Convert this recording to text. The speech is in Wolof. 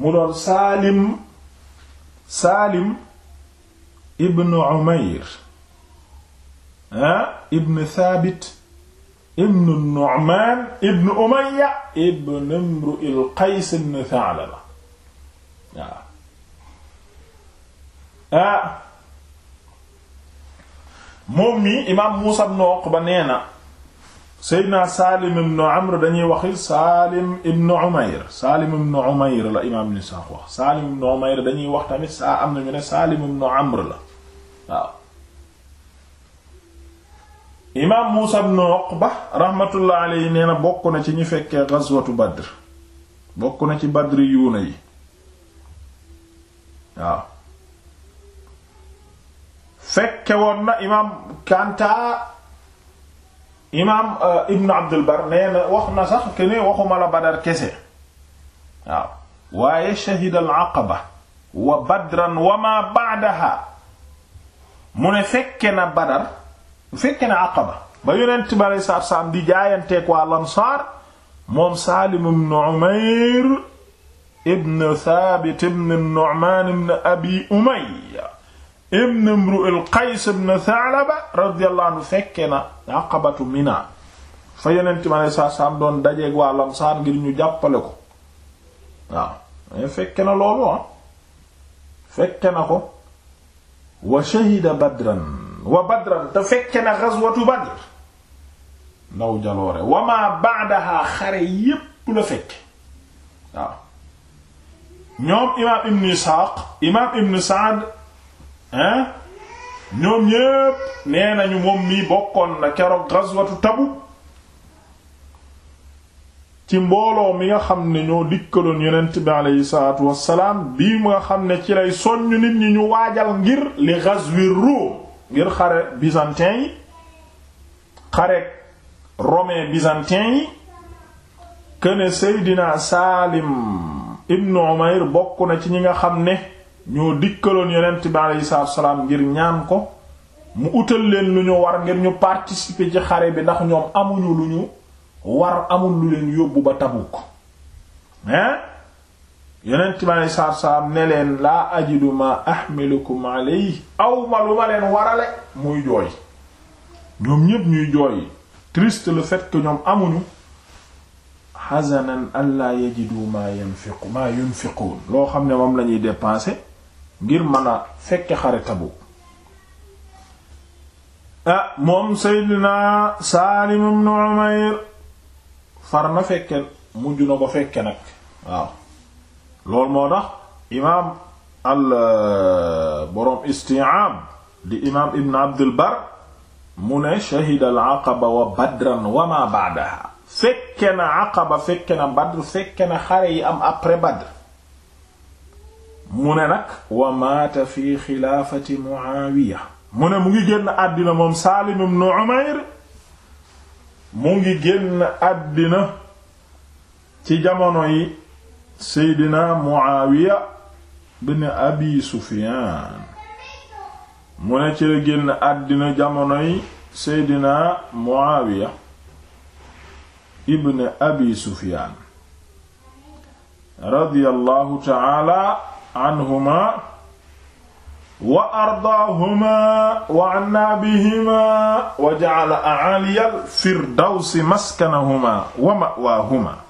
mu doon saalim saalim ibn umayr ah ibn thabit ibn nu'man ibn umayya ibn imru'il qays ibn tha'laba waaw ah moom mi imaam muusa ibn uqba nee na seydna saalim ibnu amr dañuy waxi saalim ibnu umayr saalim ibnu umayr la imaam ibnu Isaaq wax saalim ibnu umayr dañuy wax saa am na ñu ne saalim ibnu amr la waaw imaam muusa ibnu uqba raxmatullah alayhi nee na bokk na ci ñu fekkee gazwatu badr bokk na ci badr yuuna yi fekke woon na imaam kantaa imaam euh, Ibn Abdul Bar nee na wax na sax que ne waxuma la Badar kese waaw waaye shahida al aqaba wa badran wa ma ba'daha mu ne fekke na Badar fekke na aqaba ba yonent bi aleyhi salaatu salaam di jaayanteeg waa Ansaar moom Saalim ibn Umayr ibn Thaabit ibn Nu'maan ibn Abi Umayya ibn imru'il qays ibn Tha'laba radiyallahu fekke na aqabatu Mina fa yonent mi alayhi salaatu salaam doon dajeeg waa Lamsaar ngir ñu jàppale ko fekke na loolu ah. fekke na ko wa shahida badran wa badran te fekke na ghazwatu Badr ndaw jaloore wa ma ba'daha xare yépp la fekke waaw imaam ibn Isxaaq imaam ibn Sa'd hein ñoom ñépp nee nañu moom mii bokkoon na keroog ghazwatu Tabuk ci mbooloo mi nga xam ne ñoo dikkaloon yonent bi aleyhi salaatu wassalaam bii mu nga xam ne ci lay soññ nit ñi ñu waajal ngir li ghazwir Rum ngir xare byzantin yi xare romain byzantin yi këne Seydina Saalim ibnu Umayr bokk na ci ñi nga xam ne ñoo dikkaloon yonent bi aleyhi salaatu salaam ngir ñaan ko mu utal leen lu ñu war ngir ñu participer ci xare bi ndax ñoom amuñu lu ñu war amul lu leen yóbbu ba Tabuk hein yonent bi aleyhi salaatu ne leen laa ajidu ma ahmilukum alayhi aw ma lu ma leen warale muy jooy ñoom ñépp ñuy jooy triste le fet que ñoom amuñu hazanan alla yajidu ma yunfiqu ma yunfiqun loo xam ne moom lañuy dépenser ngir mana a fekke xare Tabuk ah, moom Seydina Saalim ibn Umayr far na fekke mujj na ko fekke nag waaw loolu moo tax al eh, borom isti'aab di imaam Ibn Abdul Bar mu ne shahida al aqaba wa badran wa ma ba'daha fekke na aqaba fekke na badr fekke na xare yi am après badr mu ne nag wa maata fi xilaafati Muawiya mu ne mu ngi génn àddina moom Saalim ibn Umayr mu ngi génn àddina ci jamono yi Seydina Muawiya bin Abi Sufyaan mu ne ci génn àddina jamono yi Seydina Muawiya ibn Abi Sufyaan radiyallahu ta'ala anhuma wa ardaahuma wa anna bihima wa ja'ala a'aliyal firdawsi maskanahuma wa ma'waahuma